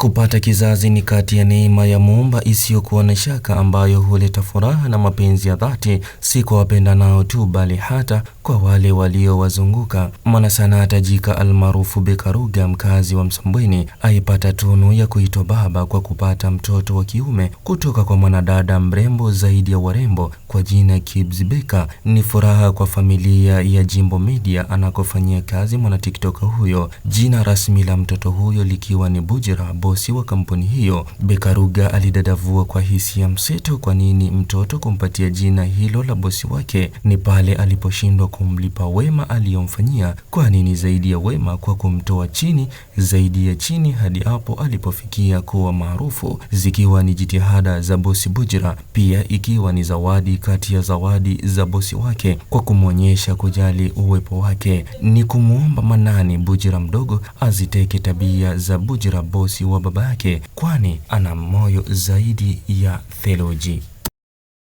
Kupata kizazi ni kati ya neema ya Muumba isiyokuwa na shaka ambayo huleta furaha na mapenzi ya dhati, si kwa wapenda nao tu, bali hata kwa wale waliowazunguka. Mwanasanaa tajika almaarufu Bekaruga, mkazi wa Msambweni, aipata tunu ya kuitwa baba kwa kupata mtoto wa kiume kutoka kwa mwanadada mrembo zaidi ya warembo kwa jina Kibz Beka. Ni furaha kwa familia ya Jimbo Media anakofanyia kazi mwanatiktoka huyo, jina rasmi la mtoto huyo likiwa ni Bujra bosi wa kampuni hiyo, Bekaruga alidadavua kwa hisia mseto kwa nini mtoto kumpatia jina hilo la bosi wake. Ni pale aliposhindwa kumlipa wema aliyomfanyia, Kwa nini zaidi ya wema kwa kumtoa chini zaidi ya chini hadi hapo alipofikia kuwa maarufu, zikiwa ni jitihada za bosi Bujra, pia ikiwa ni zawadi kati ya zawadi za bosi wake kwa kumwonyesha kujali uwepo wake. Ni kumwomba Manani Bujra mdogo aziteke tabia za Bujra bosi wa baba yake, kwani ana moyo zaidi ya theluji.